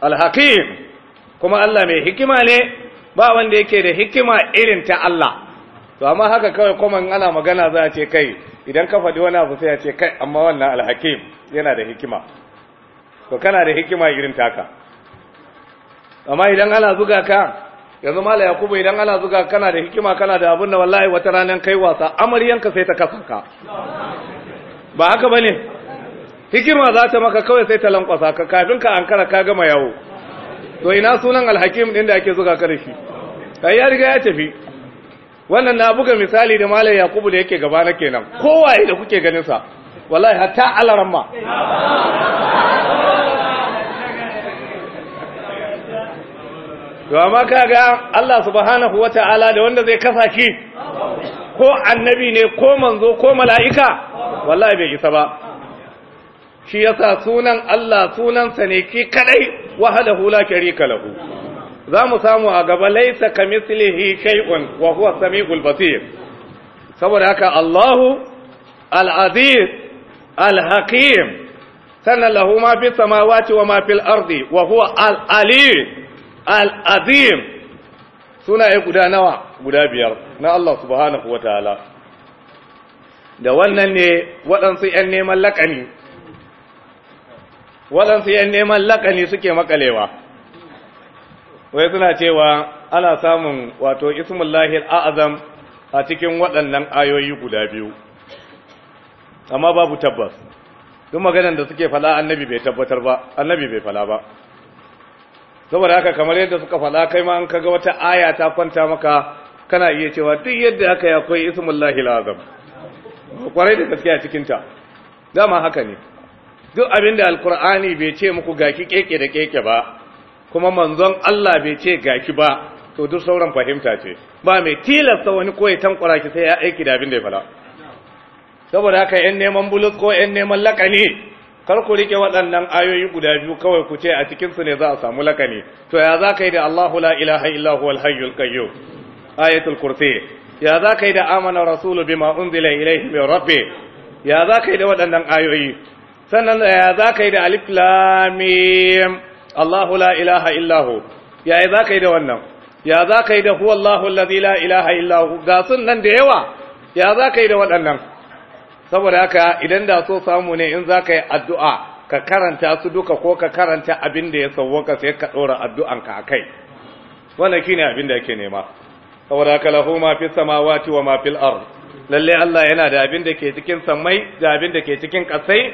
Speaker 1: alhakim kuma Allah mai hikima ne ba wanda yake da hikima irin ta Allah to amma haka kawai kuma ana magana za a ce kai idan ka faɗi wani abu sai a ce kai amma wannan alhakim yana da hikima to kana da hikima irin taka amma idan ana zuga ka yanzu mala yakubu idan ana zuga kana da hikima kana da abin da wallahi wata ranar kai wasa amaryanka sai ta kasa ka ba haka ba ne hikima za ta maka kawai sai ta lankwasa ka kafin ka ankara ka gama yawo to ina sunan alhakim din da ake zuga kare shi kai ya riga ya tafi wannan na buga misali da malam yakubu da yake gaba na kenan kowaye da kuke ganin sa wallahi hatta alaramma amma kaga Allah subhanahu Ta'ala da wanda zai kasa shi ko annabi ne ko manzo ko mala'ika wallahi bai isa ba shi yasa sunan Allah sunansa ne ki kadai wahdahu la sharika lahu za mu samu a gaba laisa mislihi shay'un wa huwa samiul basir saboda haka Allahu al-aziz al-hakim sana lahu ma fi samawati wa ma fil ardi wa huwa al-alim alazim suna sunaye guda nawa guda biyar na Allah subhanahu wataala da wannan ne waɗansu ‘yan neman laƙani waɗansu ‘yan neman laƙani suke makalewa wai suna cewa ana samun wato ismullahil a'azam a cikin waɗannan ayoyi guda biyu amma babu tabbas duk maganar da suke fala annabi bai tabbatar ba annabi bai fala ba saboda haka kamar yadda suka faɗa kai ma an kaga wata aya ta kwanta maka kana iya cewa duk yadda haka ya koyi ismullahi lazam kwarai da gaskiya cikin ta dama haka ne duk abin da alkur'ani bai ce muku gaki keke da keke ba kuma manzon Allah bai ce gaki ba to duk sauran fahimta ce ba mai tilasta wani ko ya tankwara ki sai ya aiki da abin da ya fala saboda haka yan neman bulus ko yan neman lakani kar ku rike waɗannan ayoyi guda biyu kawai ku ce a cikin su ne za a samu lakani to ya za ka yi da Allahu la ilaha illa huwal hayyul qayyum ayatul kursi ya za ka yi da amana rasulu bima unzila ilayhi min rabbi ya za ka yi da waɗannan ayoyi sannan eh, ya za ka yi da alif lam mim Allahu la ilaha illa hu ya za ka yi da wannan ya za ka yi da huwallahu allazi la ilaha illa hu ga sun nan da yawa ya za ka yi da waɗannan saboda haka idan da so samu ne in za ka yi addu'a ka karanta su duka ko ka karanta abin da ya sauwaka sai ka ɗora addu'anka a kai wannan shi ne abin da yake nema saboda haka lahu ma fi samawati wa ma fil ard lalle Allah yana da abin da ke cikin samai, da abin da ke cikin ƙasai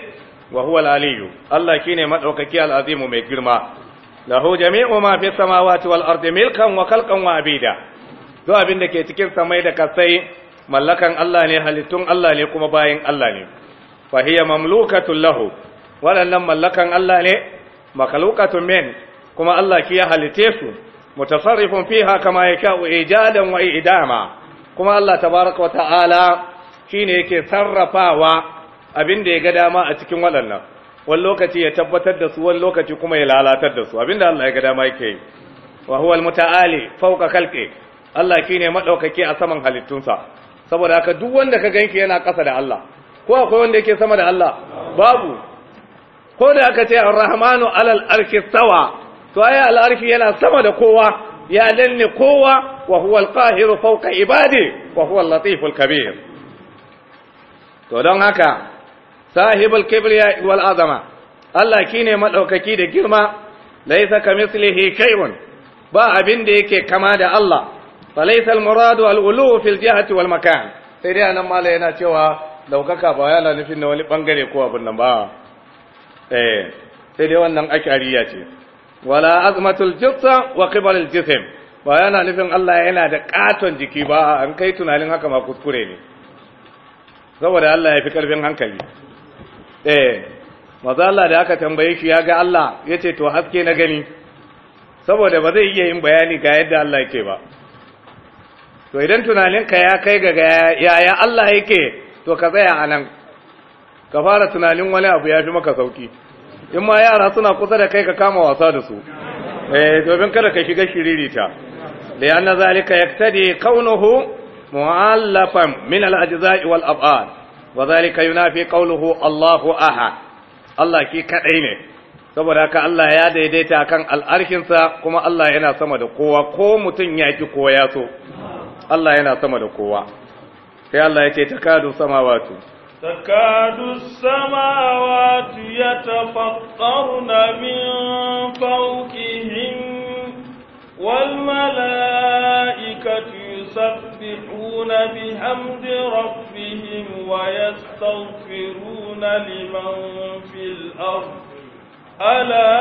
Speaker 1: wa huwa aliyu Allah ki shine madaukaki al'azimu mai girma lahu jami'u ma fi samawati wal ardi milkan wa khalqan wa abida to abin da ke cikin samai da ƙasai. mallakan Allah ne halittun Allah ne kuma bayin Allah ne fa mamlukatun lahu waɗannan mallakan Allah ne makalukatun men. kuma Allah ki ya halitte su mutasarrifun fiha kama yasha'u ijadan wa idama kuma Allah tabaaraka wa ta'ala shine yake sarrafawa abin da ya ga dama a cikin waɗannan wani lokaci ya tabbatar da su wani lokaci kuma ya lalatar da su abin da Allah ya ga dama yake yi wa huwa almutaali fawqa khalqi Allah shine madaukake a saman halittunsa saboda haka duk wanda ka ganki yana ƙasa da Allah ko akwai wanda yake sama da Allah babu ko da aka ce ar-rahmanu alal arshi sawa to ai al-arshi yana sama da kowa ya danne kowa wa huwa al-qahiru fawqa ibadi wa huwa al-latif al-kabir to don haka sahibul kibriya wal azama Allah kine madaukaki da girma laysa kamithlihi shay'un ba abin da yake kama da Allah فليس المراد الغلو في الجهة والمكان sai dai anan mala yana cewa laukaka ba yana nufin na wani bangare ko abin nan ba eh sai dai wannan ashariya ce wala azmatul jissa wa qibal al jism nufin Allah yana da katon jiki ba an kai tunanin haka ma kuskure ne saboda Allah ya fi karfin hankali eh da aka tambaye shi ya ga Allah yace to haske na gani saboda ba zai iya yin bayani ga yadda Allah yake ba to idan tunaninka ya kai ga yaya Allah yake to ka tsaya a nan ka fara tunanin wani abu ya fi maka sauki in ma yara suna kusa da kai ka kama wasa da su eh domin kada ka shiga shiririta da yana zalika yaktadi kaunuhu mu'allafan min al-ajza'i wal af'al wa zalika yunafi qawluhu Allahu aha Allah ki kadai ne saboda ka Allah ya daidaita kan al'arkinsa kuma Allah yana sama da kowa ko mutum ya ki ko ya so Allah yana sama da kowa sai Allah ya ce takadu samawatu
Speaker 2: takadu samawatu yatafaqqaruna min fawqihim wal malaikatu يسبحون بحمد ربهم ويستغفرون liman fil الأرض ألا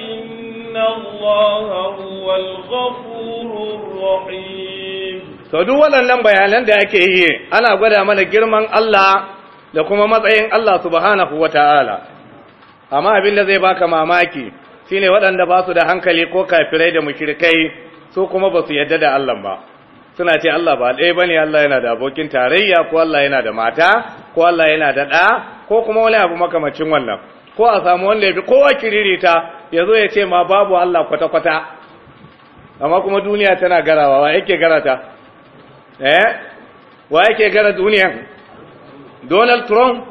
Speaker 2: إن الله هو الغفور الرحيم
Speaker 1: to duk waɗannan bayanan da ake yi ana gwada mana girman Allah da kuma matsayin Allah subhanahu wa ta'ala amma abin da zai baka mamaki shine waɗanda ba su da hankali ko kafirai da kai, su kuma ba su yadda da Allah ba suna ce Allah ba ɗaya ne. Allah yana da abokin tarayya ko Allah yana da mata ko Allah yana da ɗa ko kuma wani abu makamancin wannan ko a samu wanda ya fi kowa kiririta ya zo ya ce ma babu Allah kwata-kwata amma kuma duniya tana garawa wa yake garata eh wa yake gara duniya Donald Trump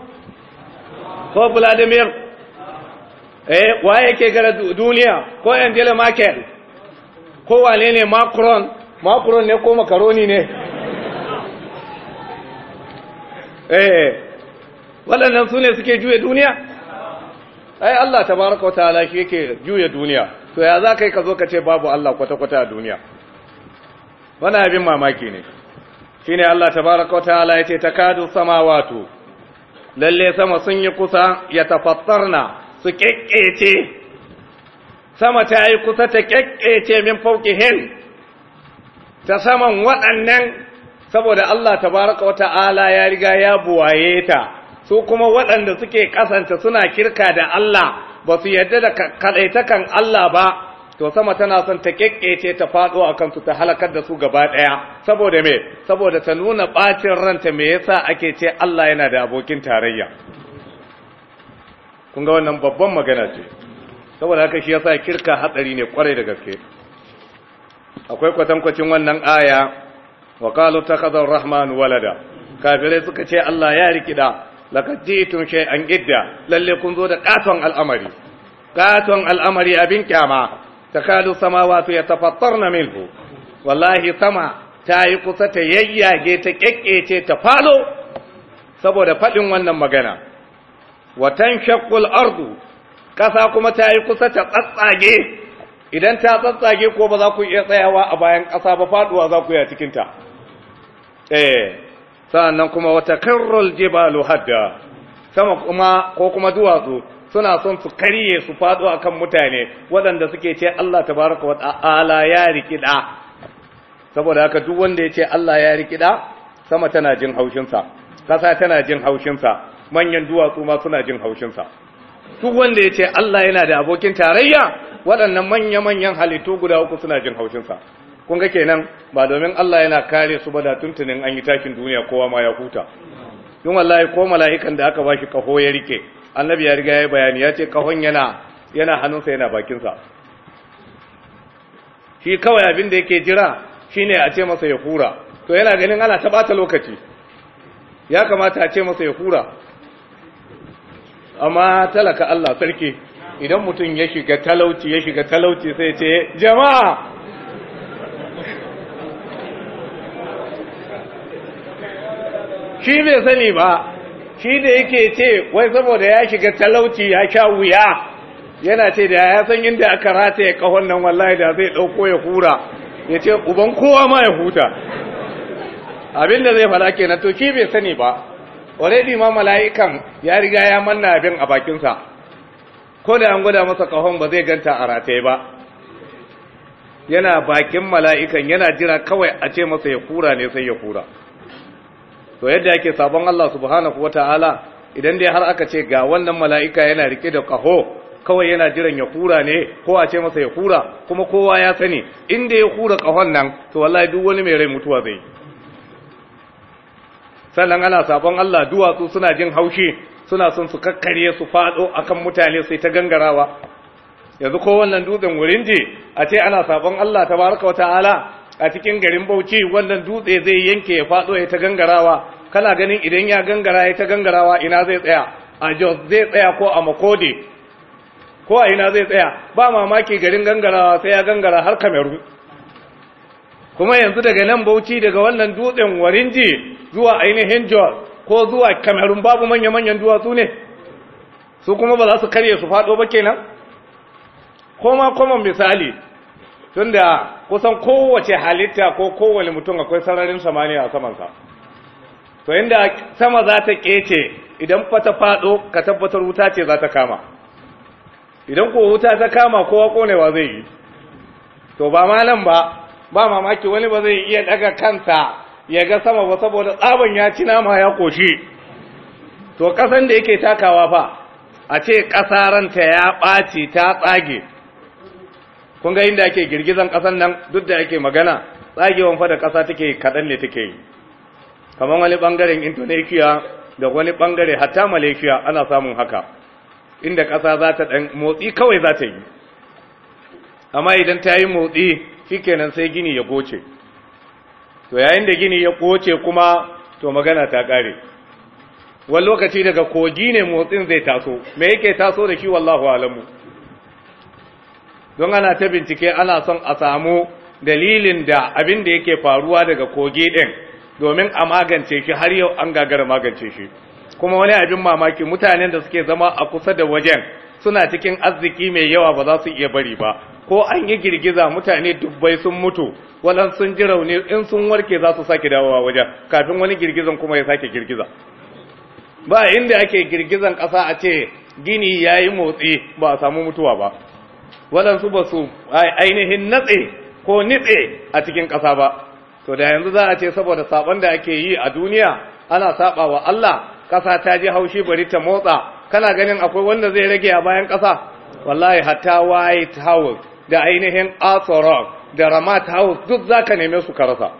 Speaker 1: ko Vladimir eh wa yake gara duniya ko Angela Merkel ko wane ne Macron Macron ne ko makaroni ne eh, eh waɗannan su ne suke juye duniya ai Allah tabaraka wataala shi yake juya duniya to ya za kai ka zo ka ce babu Allah kwata-kwata a duniya wannan abin mamaki ne shine Allah tabaraka wataala yace takadu samawatu lalle sama sun yi kusa ya tafattarna su kekkece sama ta yi kusa ta kekkece min fauki hin ta saman waɗannan saboda Allah tabaraka wataala ya riga ya buwaye ta su kuma waɗanda suke kasanta suna kirka da Allah ba su yarda da kaɗaitakan Allah ba to sama tana son ta ƙeƙƙece ta faɗo a kansu ta halakar da su gaba ɗaya? saboda me saboda ta nuna ɓacin ranta me yasa ake ce Allah yana da abokin tarayya kun ga wannan babban magana ce saboda haka shi yasa kirka hatsari ne kwarai da gaske akwai kwatankwacin wannan aya wa kalu ta kazan rahman walada kafirai suka ce Allah ya rikida laqad shai an gidda, lalle kun zo da katon al'amari katon al'amari abin kyama ta kalu takalu ya yatafattarna minhu wallahi sama ta yi kusa ta yayyage ta kekkece ta falo saboda faɗin wannan magana Watan shakul ardu kasa kuma ta yi kusa ta tsatsage idan ta tsatsage ko ba za ku iya tsayawa a bayan ƙasa ba faɗuwa za ku yi a cikinta eh sa'annan kuma wata karrul jibalu hadda sama kuma ko kuma duwatsu suna son su karye su faɗo kan mutane waɗanda suke ce Allah tabaraka wa ta'ala ya rikida saboda haka duk wanda ya ce Allah ya rikida sama tana jin haushinsa kasa tana jin haushinsa manyan duwatsu ma suna jin haushinsa duk wanda ya ce Allah yana da abokin tarayya waɗannan manya-manyan halittu guda uku suna jin haushinsa kun ga kenan ba domin Allah yana kare su ba da tuntunin an yi takin duniya kowa ma ya huta don wallahi ko mala'ikan da aka shi kaho ya rike annabi ya riga ya bayani ya ce kahon yana yana hannunsa yana bakinsa shi kawai abin da yake jira shine a ce masa ya hura to yana ganin ana ta bata lokaci ya kamata a ce masa ya hura amma talaka Allah sarki idan mutum ya shiga talauci ya shiga talauci sai ya ce jama'a shi bai sani ba shi da yake ce wai saboda ya shiga talauci ya sha wuya yana ce da ya san inda aka rata ya kahon nan wallahi da zai dauko ya hura ya ce uban kowa ma ya huta abin da zai fara kenan to shi bai sani ba already ma mala'ikan ya riga ya manna abin a bakinsa ko da an gwada masa kahon ba zai ganta a rataye ba yana bakin mala'ikan yana jira kawai a ce masa ya kura ne sai ya kura to yadda yake sabon Allah subhanahu wataala idan dai har aka ce ga wannan mala'ika yana rike da kaho kawai yana jiran ya kura ne ko a ce masa ya kura kuma kowa ya sani inda ya kura kahon nan to wallahi duk wani mai rai mutuwa zai sannan ana sabon Allah duwatsu suna jin haushi suna son su kakkare su fado akan mutane sai ta gangarawa yanzu ko wannan dutsen wurin ji a ce ana sabon Allah tabaraka wa ta'ala a cikin garin bauchi wannan dutse zai yanke ya faɗo ya ta gangarawa kana ganin idan ya gangara ya ta gangarawa ina zai tsaya a jos zai tsaya ko a makode ko a ina zai tsaya ba mamaki garin gangarawa sai ya gangara har kameru kuma yanzu daga nan bauchi daga wannan dutsen warinji zuwa ainihin jos ko zuwa kamerun babu manya-manyan duwatsu ne su kuma ba za su karye su faɗo ba kenan koma koma misali tunda kusan kowace halitta ko kowane mutum akwai sararin samaniya a samansa to inda sama za ta kece idan fa ta faɗo ka tabbatar wuta ce za ta kama idan ko wuta ta kama kowa konewa zai yi to ba ma nan ba ba mamaki wani ba zai iya daga kanta ya ga sama ba saboda tsaban ya ci nama ya koshi to kasan da yake takawa fa a ce ƙasaranta ya ɓaci ta tsage kun ga inda ake girgizan ƙasan nan duk da ake magana tsagewan fa da ƙasa take kaɗan ne take yi kamar wani ɓangaren indonesia da wani ɓangare hatta malaysia ana samun haka inda ƙasa za ta ɗan motsi kawai za ta yi amma idan ta yi motsi shikenan sai gini ya goce to yayin da gini ya goce kuma to magana ta ƙare wani lokaci daga kogi ne motsin zai taso me yake taso da shi wallahu alamu don ana ta bincike ana son a samu dalilin da abin da yake faruwa daga kogi ɗin domin a magance shi har yau an gagara magance shi kuma wani abin mamaki mutanen da suke zama a kusa da wajen suna cikin arziki mai yawa ba za su iya bari ba ko an yi girgiza mutane dubbai sun mutu walan sun ji rauni in sun warke za su sake dawowa wajen kafin wani girgizan kuma ya sake girgiza ba inda ake girgizan ƙasa a ce gini ya yi motsi ba a samu mutuwa ba waɗansu ba su ainihin natse ko nitse a cikin ƙasa ba to da yanzu za a ce saboda saɓon da ake yi a duniya ana saɓa wa Allah ƙasa ta ji haushi bari ta motsa kana ganin akwai wanda zai rage a bayan ƙasa wallahi hatta white house da ainihin asorok da ramat house duk za ka neme su ka rasa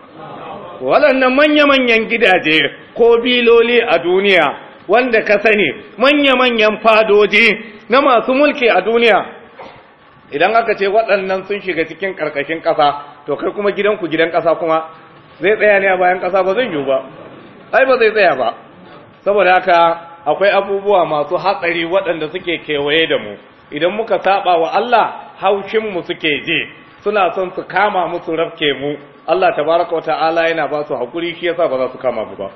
Speaker 1: waɗannan manya-manyan gidaje ko biloli a duniya wanda ka sani manya-manyan fadoji na masu mulki a duniya idan aka ce waɗannan sun shiga cikin ƙarƙashin ƙasa to kai kuma gidanku gidan ƙasa kuma zai tsaya ne a bayan ƙasa ba zai yiwu ba ai ba zai tsaya ba saboda haka akwai abubuwa masu hatsari waɗanda suke kewaye da mu idan muka saba wa Allah haushin mu suke je suna son su kama mu su rafke mu Allah tabaraka wata'ala yana ba su hakuri shi yasa ba za su kama mu ba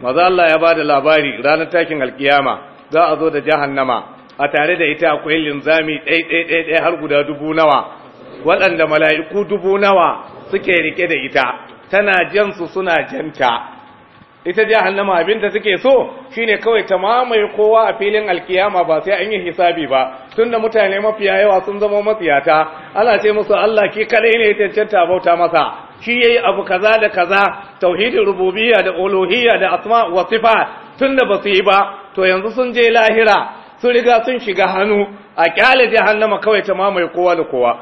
Speaker 1: maza Allah ya ba da labari ranar takin alkiyama za a zo da jahannama a tare da ita akwai linzami ɗai-ɗai-ɗai-ɗai har guda dubu nawa waɗanda mala'iku dubu nawa suke rike da ita tana jansu suna janta ita abin da suke so shine kawai ta mamaye kowa a filin alkiyama ba sai an yi hisabi ba tunda mutane mafiya yawa sun zama matsiyata ana ce musu Allah ki kaɗai ne cancanta bauta masa shi yayi abu kaza da kaza tauhidin rububiyya da uluhiyya da asma wa sifat tunda basu yi ba to yanzu sun je lahira sun riga sun shiga hannu a kyale jahannama kawai ta mamaye kowa da kowa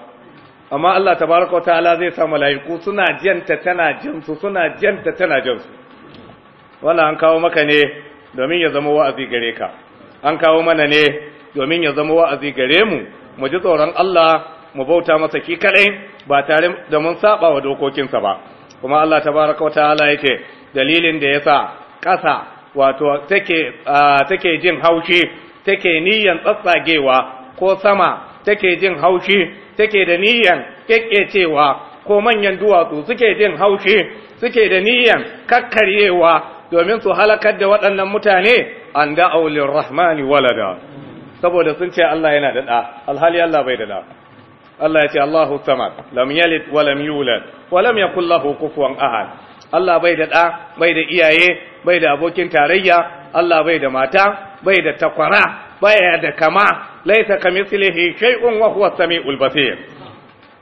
Speaker 1: amma Allah tabaraka wataala zai sa malaiku suna janta tana jinsu suna janta tana jinsu wala an kawo maka ne domin ya zama wa'azi gare ka an kawo mana ne domin ya zama wa'azi gare mu mu ji tsoron Allah mu bauta masa ki kadai ba tare da mun saba wa dokokinsa ba kuma Allah tabaraka ala yake dalilin da yasa ƙasa wato take take jin haushi take niyan tsatsagewa ko sama take jin haushi take da niyan cewa ko manyan duwatsu suke jin haushi suke da niyan kakkaryewa domin su halakar da waɗannan mutane an da'au rahmani walada saboda sun ce Allah yana da ɗa alhali Allah bai da ɗa Allah ya ce Allahu sama lam yalid wa lam yulad wa lam yakul lahu kufuwan ahad Allah bai da ɗa bai da iyaye bai da abokin tarayya Allah bai da mata bai da takwara bai da kama laisa kamithlihi shay'un wa huwa samiul basir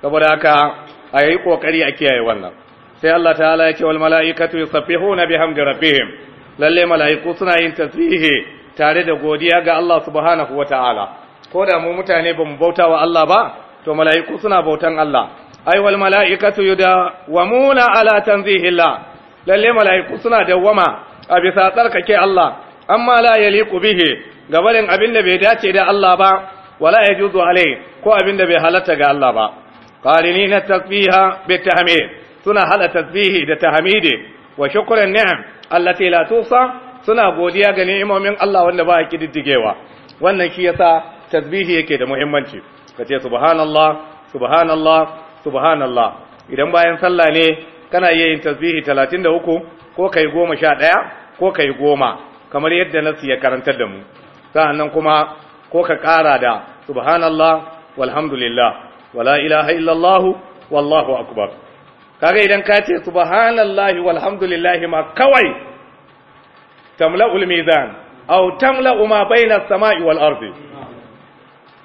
Speaker 1: saboda haka a yi ƙoƙari a kiyaye wannan sai Allah ta'ala yake wal mala'ikatu yusabbihuna bihamdi rabbihim lalle mala'iku suna yin tasbihi tare da godiya ga Allah subhanahu ko da mu mutane ba mu bauta wa Allah ba to mala'iku suna bautan Allah ai wal mala'ikatu yudawamuna ala tanzihillah lalle mala'iku suna dawwama a bisa tsarkake Allah amma la yaliqu bihi gabarin abin da bai dace da Allah ba wala juzu alai ko abin da bai halatta ga Allah ba na tasbiha bi tahmid suna hala tasbihi da tahmidi wa shukran ni'am allati la tusa suna godiya ga ni'imomin Allah wanda ba a kididdigewa wannan shi yasa tasbihi yake da muhimmanci kace subhanallah subhanallah subhanallah idan bayan sallah ne kana iya yin tasbihi 33 ko kai goma sha ɗaya ko kai goma kamar yadda nasu ya karantar da mu sa'annan kuma ko ka ƙara da subhanallah walhamdulillah wala ilaha illallah wallahu akbar kaga idan ka ce subhanallahi walhamdulillah ma kawai tamla'ul mizan aw tamla ma samai wal ardi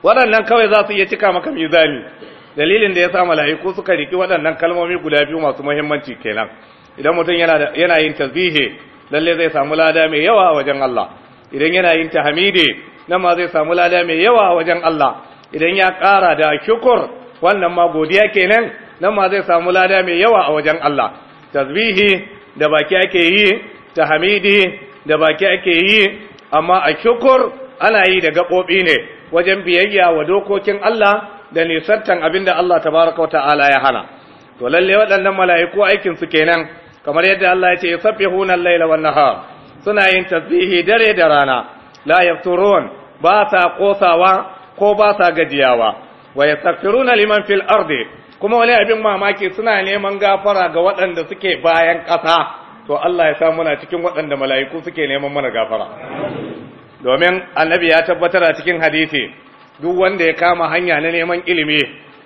Speaker 1: waɗannan kawai za su iya cika maka mizani dalilin da ya sa mala'iku suka riki waɗannan kalmomi guda biyu masu muhimmanci kenan idan mutum yana yin tasbihi lalle zai samu lada mai yawa a wajen Allah idan yana yin tahmidi nan ma zai samu lada mai yawa a wajen Allah idan ya ƙara da shukur wannan ma godiya kenan nan ma zai samu lada mai yawa a wajen Allah tasbihi da baki ake yi tahmidi da baki ake yi amma a shukur ana yi da gaɓoɓi ne wajen biyayya wa dokokin Allah da nisantan abin da Allah tabaraka wa ta'ala ya hana to lalle waɗannan mala'iku aikin su kenan kamar yadda Allah ya ce yusabbihuna al-laila wan nahar suna yin tasbihi dare da rana la yafturun ba sa kosawa ko ba sa gajiyawa wa yastaghfiruna liman fil ardi kuma wani abin mamaki suna neman gafara ga waɗanda suke bayan ƙasa to Allah ya sa muna cikin waɗanda mala'iku suke neman mana gafara domin annabi ya tabbatar a cikin hadisi duk wanda ya kama hanya na neman ilimi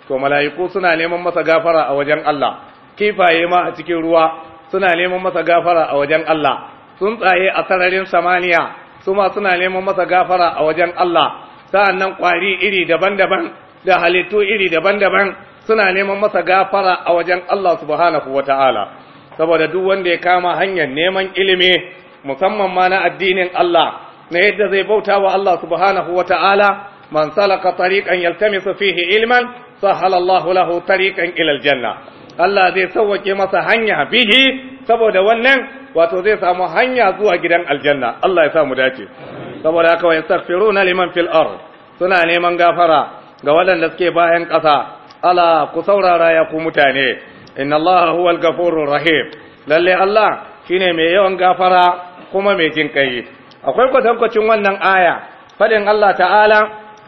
Speaker 1: to mala'iku suna neman masa gafara a wajen Allah kifaye ma a cikin ruwa suna neman masa gafara a wajen Allah tsuntsaye a sararin samaniya su suna neman masa gafara a wajen Allah sa'annan kwari iri daban-daban da halittu iri daban-daban suna neman masa gafara a wajen Allah subhanahu wata'ala saboda duk wanda ya kama hanyar neman ilimi musamman ma na addinin Allah na yadda zai bauta wa Allah subhanahu wata'ala man salaka tariqan yaltamisu fihi ilman sahala Allahu lahu tariqan ila aljanna Allah zai sauwake masa hanya bihi saboda wannan wato zai samu hanya zuwa gidan aljanna Allah ya sa mu dace saboda haka wa yastaghfiruna liman fil ard suna neman gafara ga waɗanda suke bayan ƙasa ala ku saurara ya ku mutane inna Allah huwal ghafurur rahim lalle Allah shine mai yawan gafara kuma mai jin akwai kwatankwacin wannan aya fadin Allah ta'ala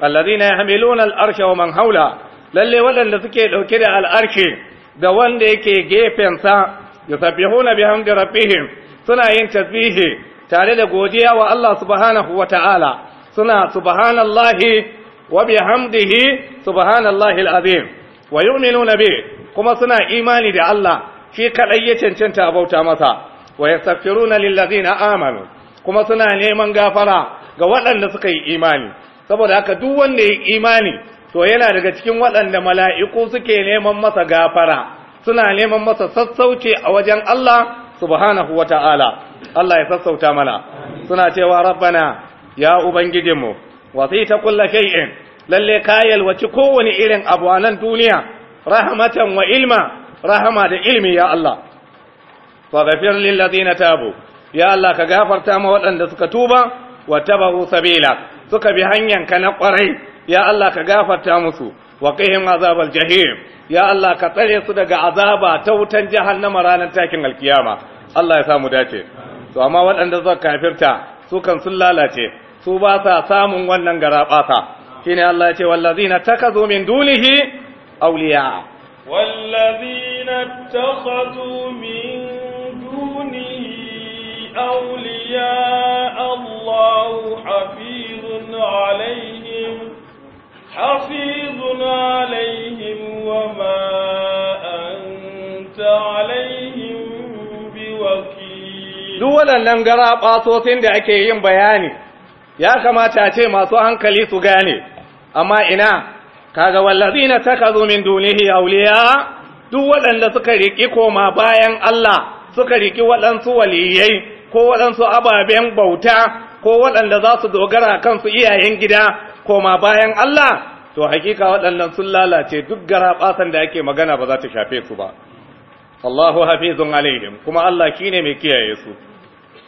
Speaker 1: alladhina yahmiluna al-arsha wa man hawla lalle waɗanda suke dauke da al-arshi da wanda yake gefensa ya yusabbihuna bihamdi rabbihim suna yin tasbihi tare da godiya wa Allah subhanahu wa ta'ala suna subhanallahi wa bihamdihi subhanallahi alazim wa yu'minuna bi kuma suna imani da Allah shi kadai ya cancanta bauta masa wa yastaghfiruna lillazina amanu kuma suna neman gafara ga waɗanda suka yi imani saboda haka duk wanda ya yi imani to yana daga cikin waɗanda mala'iku suke neman masa gafara suna neman masa sassauce a wajen Allah subhanahu wa ta'ala Allah ya sassauta mana suna cewa rabbana ya ubangijinmu wasi ta kulla shay'in lalle kayal wace kowane irin abu a nan duniya rahmatan wa ilma rahama da ilmi ya Allah faghfir lil ladina tabu ya Allah ka gafarta ma waɗanda suka tuba wa tabu sabila suka bi hanyanka na ƙwarai ya Allah ka gafarta musu wa kaihin azabar jahim ya Allah ka tsare su daga azaba ta wutan jahannama ranar takin alkiyama Allah ya samu dace to amma waɗanda suka kafirta su kan sun lalace su ba sa samun wannan garabata shine Allah ya ce wallazina takazu min dunihi awliya
Speaker 2: wallazina takazu min dunihi awliya Allah hafizun alayhi حفيظ عليهم وما أنت عليهم بوكيل
Speaker 1: duk waɗannan gara ɓasosin da ake yin bayani ya kamata a ce masu hankali su gane amma ina kaga na takazu min dunihi awliya duk waɗanda suka riƙi koma bayan Allah suka riƙi waɗansu waliyyai, ko waɗansu ababen bauta ko waɗanda za su dogara kansu iyayen gida koma bayan Allah to hakika waɗannan sun lalace duk garaɓasan da ake magana ba za ta shafe su ba Allahu hafizun alaihim kuma Allah shine mai kiyaye su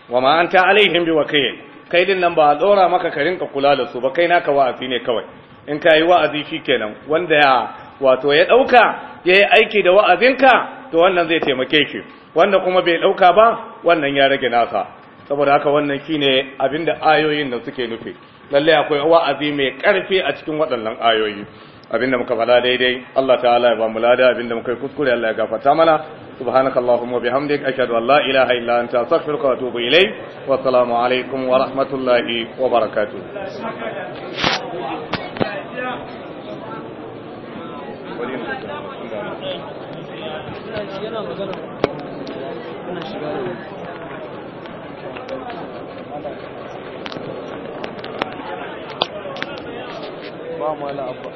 Speaker 1: wa ma anta alaihim wakil kai din nan ba a dora maka ka rinka kula da su ba kai naka wa'azi ne kawai in ka yi wa'azi shikenan wanda ya wato ya dauka ya yi aiki da wa'azinka to wannan zai taimake shi wanda kuma bai dauka ba wannan ya rage nasa saboda haka wannan shine abinda ayoyin nan suke nufi lalle akwai wa'azi mai karfi a cikin waɗannan ayoyi abinda muka faɗa daidai Allah ta'ala ya ba mu lada abinda muka yi kuskure Allah ya gafarta mana subhanakallahumma bihamdik ashhadu an la ilaha illa anta astaghfiruka wa atubu ilayk wa assalamu alaikum wa rahmatullahi wa barakatuh
Speaker 2: Thank you. ba mu abba